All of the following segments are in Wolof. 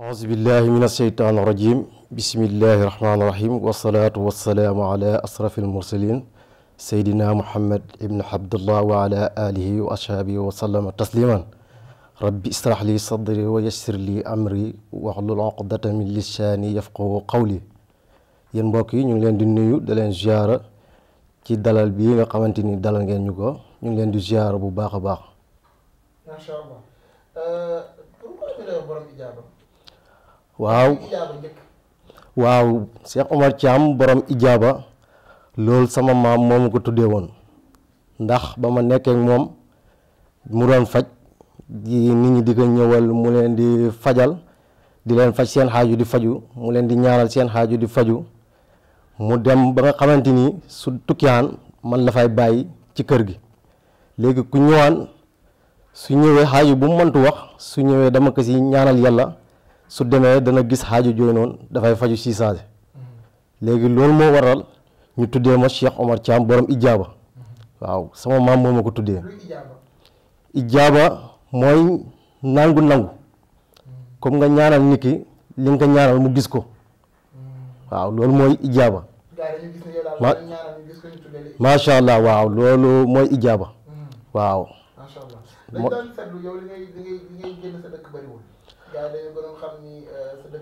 auzu billahi min asheytaan irajim bismillahi irahmaan irahim wasalaatu wasalaamu ala asrafi almursalin seydina muhammad ibn abdullah wa ala alihi wa ashaabihi wa sallama tasliman rabbi israh li sadri wa yassir li amri waxlul oqdata min lisaani yafqahu qawli yéen mbokk yi ñu ngi leen di nuyu da leen ziara ci dalal bii nga xamante ni dalal ngeen ñu ko ñu ngi leen di ziara bu baax a baax. macha allah. Euh, waaw waaw Cheikh Omar Thiam borom ijaaba loolu sama maam moomu ko tuddee woon ndax ba ma nekkee moom mu doon faj di nit ñi di ko ñëwal mu leen di fajal di leen faj seen xaaju di faju mu leen di ñaanal seen xaaju di faju mu dem ba nga xamante ni su tukkiyaan man la fay bàyyi ci kër gi léegi ku ñëwaan su ñëwee xaaju bu mu mëntu wax su ñëwee dama ko si ñaanal yàlla su demee dana gis xaaju jooy noonu dafay faju si saase léegi loolu moo waral ñu tuddee ma Cheikh Omar Thiam borom ijaaba waaw sama maam moo ma ko tuddee ijaaba mooy nangu nangu comme nga ñaanal nit ki li nga ñaanal mu gis ko waaw loolu mooy ijaaba macha allah waaw loolu mooy ijaaba mm. waaw. Euh, gars yi euh,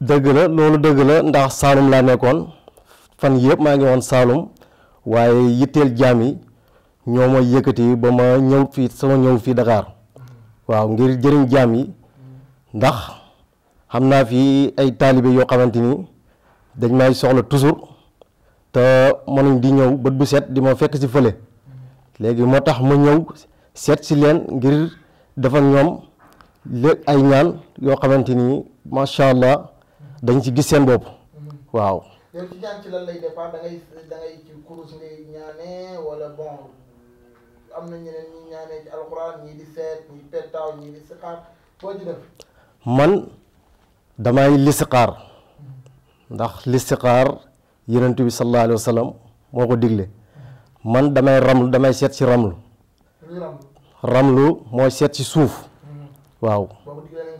dëgg la loolu dëgg la ndax Saalum laa nekkoon fan yëpp maa ngi woon Saalum waaye yitteel jaam yi ñoo ma yëkkati ba ma ñëw fii sama ñëw fii dakaar waaw ngir jëriñ jaam yi ndax xam naa fi ay taalibe yoo xamante ni dañ may soxla toujours te mënuñ di ñëw bët bu set di ma fekk si fële. léegi moo tax ma ñëw seet si leen ngir dafa ñoom léeg ay ñaan yoo xamante ni macha allah dañ ci gis seen bopp waaw. yow ci ñaan ci lan lay dépend da ngay da ci kurus ngay ñaanee wala bon am na ñeneen ñi ñaanee ci alxuraan ñii di seet ñii pettaaw ñii di sixaar foo man damay listixaar ndax listixaar yonent bi sallallahu alayhi wa moo ko digle. man damay ramlu damay seet si ramlu ramlu mooy seet ci suuf mm-hmm. waaw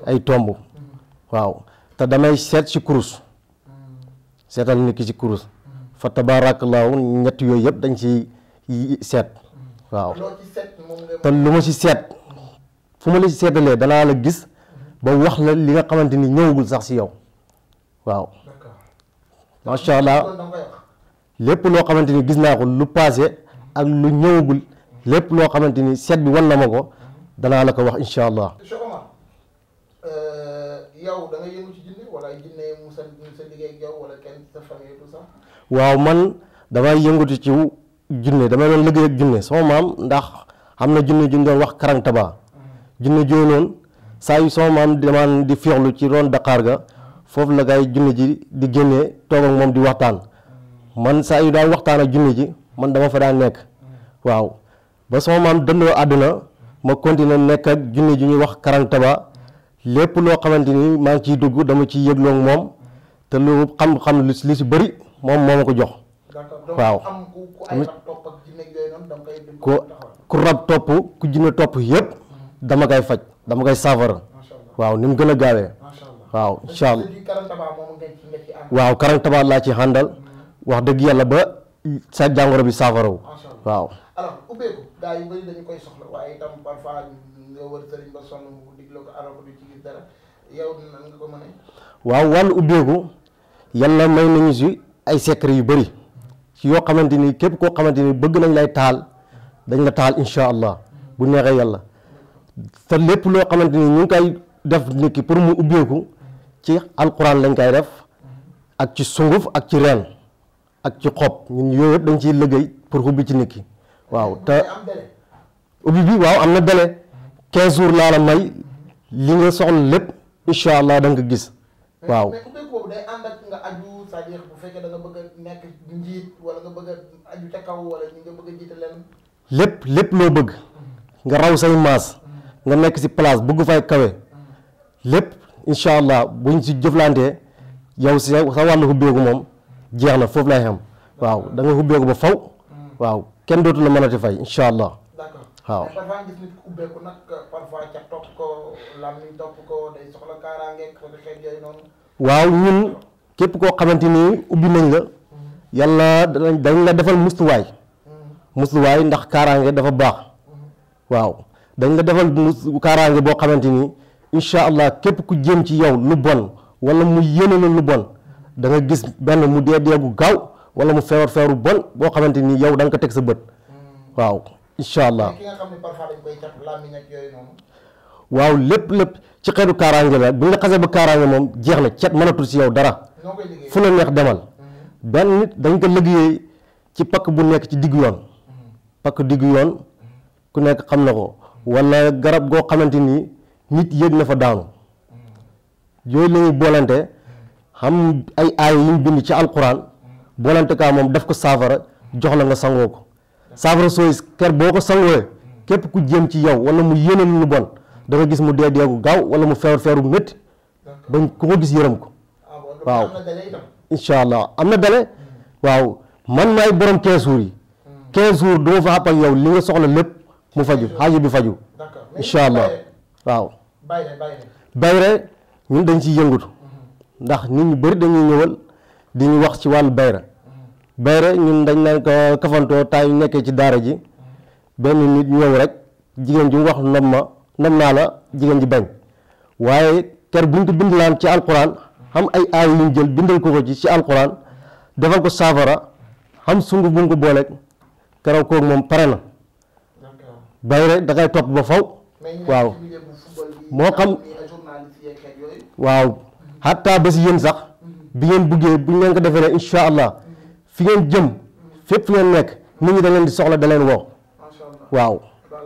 ay tomb mm-hmm. waaw te damay seet ci kurus mm-hmm. seetal nit ki ci kurus fa tabaarakallaahu ñett yooyu yëpp dañ ci seet waaw te lu ma ci seet fu ma la seetalee danaa la gis ba wax la li nga xamante ni ñëwagul sax si yow waaw macha allah lépp loo xamante ni gis naa ko lu paase ak lu ñëwagul lépp loo xamante ni seet bi wan na ma ko danaa la ko wax incha allah. Euh, waaw man damay yëngatu ci jinne damay doon liggéey ak jinne sama maam ndax xam na jinne ju doon wax karantaba jinne jooy noonu saa yu sama maam damaan di féexlu ci roon daqaar ga foofu la gaay jinne ji di génnee toog moom di waxtaan. man saa yu daan waxtaan ak junni ji man dama fa daan nekk waaw ba sama maam dëndoo àdduna ma continuer nekk ak junni ji ñuy wax karantaba lépp loo xamante ni maa ngi ciy dugg dama ciy yëgloo moom te lu xam-xam li si bari moom moo ko jox waaw ku ku rab topp ku jinne topp yëpp mm-hmm. dama koy faj dama koy saafara waaw ni mu gën a gaawee waaw incha laa ci àndal wax dëgg yàlla ba sa jàngoro bi saafarawu waaw alors ubbeeku gaa yu bëri yàlla may nañu si ay secret yu bari ci yoo xamante ni képp koo xamante ni bëgg nañ lay taal dañ la taal insha allah bu neexee yàlla te lépp loo xamante ni ñu ngi koy def nit ki pour mu ubbeeku ci alquran lañ koy def ak ci sunguf ak ci reen ak ci xob ñun yooyu dañ ciy liggéey pour ubbi ci nit waaw te ubbi bi waaw am na délai 15 laa la may li nga soxla lépp a nekk njiit a aju ca kaw wala nga lépp lépp loo bëgg nga raw say maas nga nekk si place bëgg fay kawe lépp incha allah buñ si jëflantee yow si sa wàllu ubbeeku moom. jeex na foofu lay xam waaw da nga ubbeeku ba faw hmm. waaw kenn dootu la mënati fay incha allah waaw ñun képp koo xamante ni ubbi nañ la hmm. yàlla danañ dañ la defal mustuwaay hmm. mustuwaay ndax kaaraange dafa baax waaw dañ la defal mus kaaraange boo xamante ni incha allah képp ku jëm ci yow lu bon wala mu yéene lu bon danga gis benn mu dee deegu gaaw wala mu feebar feebaru bon boo xamante ni yow da ko teg sa bët waaw incha allah waaw lépp lépp ci xeetu kaaraange la bu ñu xasee ba kaaraange moom jeex na cet mënatul si yow dara fu la neex demal mm-hmm. benn nit dañ ko liggéeyee ci pakk bu nekk ci diggu yoon mm-hmm. pakk diggu yoon ku nekk xam na ko mm-hmm. wala garab goo xamante ni nit yëg na fa daanu yooyu la ñuy xam ay aay yu ñu bind ci alquran boolantekaa moom daf ko saafara jox la nga sangoo ko saafara sooy ker boo ko sangoowee képp ku jëm ci yow wala mu yeneen lu bon da gis mu dee deegu gaaw wala mu feer feeru métti bañ ku ko gis yërëm ko waaw incha allah am na dale waaw man ay borom 15 jours yi 15 jours du ma fa xàpp ak li nga soxla lépp mu faju xaajo bi faju incha allah waaw bayre ñun dañ ciy yëngatu ndax nit ñu bari dañuy ñëwal di ñu wax ci wàll bayra bayra ñun dañ naan ko kafantoo temps yu nekkee ci daara ji benn nit ñëw rek jigéen ji wax nam ma nam naa la jigéen ji bañ waaye ker buñ ko bindalaan ci alquran xam ay aay yuñ jël bindal ko ko ci ci alquran defal ko saafara xam sunguf bu ko booleeg keraw koog moom pare na bayra da ngay topp ba faw waaw moo xam waaw xataa ba si sax bi ngeen buggee bu ngeen ko defee incha allah fi ngeen jëm fépp fi ngeen nekk nit ñi da di soxla da leen woo waaw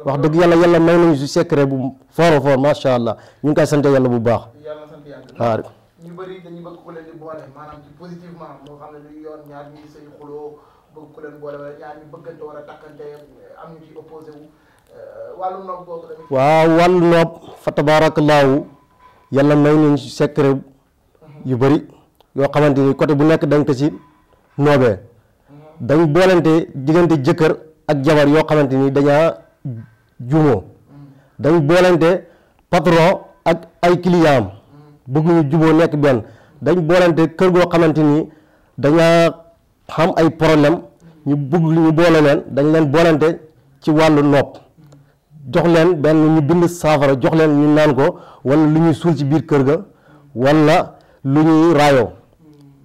wax dëgg yàlla yàlla may nañu si secret bu fooro foor macha ñu koy sant yàlla bu baax waaw ñu euh, noob fa tabaarakallaahu yàlla may nañu si secret yu bëri yoo xamante ni côté bu nekk dañ ko ci noobee dañ boolante diggante jëkkër ak jabar yoo xamante ni dañaa juumoo dañ boolante patron ak ay client am bëgguñu juboo nekk benn dañ boolante kër goo xamante ni dañaa xam ay problème ñu bëgg ñu boole leen dañ leen boolante ci wàllu nopp jox leen benn ñu bind saafara jox leen ñu naan ko wala lu ñuy suul ci biir kër ga wala lu ñuy raayoo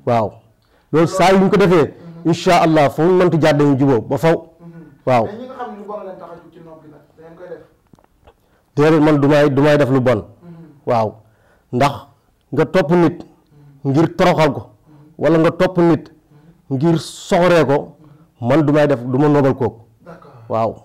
waaw loolu saa yu ñu ko defee incha allah fu mu mënti jaar dañuy jubóo ba faw waaw déedéet man du may def lu bon mm-hmm. waaw ndax nga topp nit ngir toroxal ko mm-hmm. wala nga topp nit ngir soxoree ko man du may def du ma noobal kooku waaw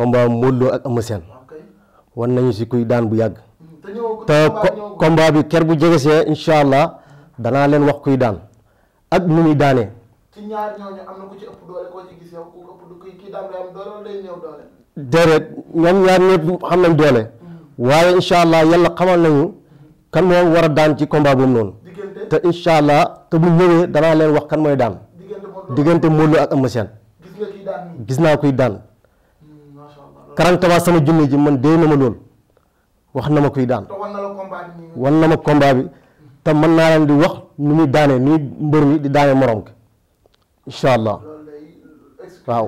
combat Modou Lo ak Eumeu Sène wan nañu si kuy daan bu yàgg te combat bi ker bu jege see incha allah danaa leen wax kuy daan ak nu muy daanee. ci ñaar am na ñoom ñaar ñëpp xam nañ doole mm. waaye incha allah yàlla xamal nañu mm. kan moo war a daan ci combat boobu noonu. te incha allah te bu ñëwee danaa leen wax kan mooy daan diggante Modou ak Eumeu Sène gis naa kuy daan quarante sama junne ji man dee na ma lool wax na ma kuy daan wan na ma combat bi te mën naa leen di wax nu muy daane nu mbër mi di daane morom ki incha allah waaw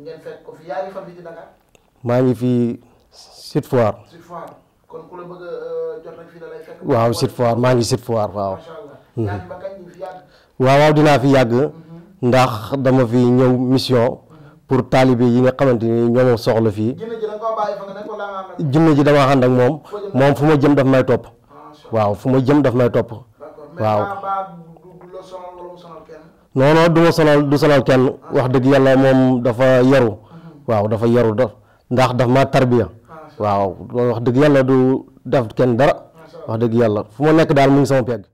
ngi fi yaa ngi fii ci Dakar maa ngi fii Sud euh, maa ngi Sud Foire waaw Mhm. waaw waaw dinaa fi yàgg mhm. ndax dama fi ñëw mission mhm. pour taalibe yi nga xamante ni soxla fii jinne ji dama ànd ak moom moom fu ma jëm daf may topp waaw fu ma jëm daf may topp waaw non non du ma sonal du sonal kenn wax dëgg yàlla moom dafa yaru waaw dafa yaru da ndax daf ma tarbiya waaw wax dëgg yàlla du def kenn dara wax dëgg yàlla fu ma nekk daal mu ngi sama pegg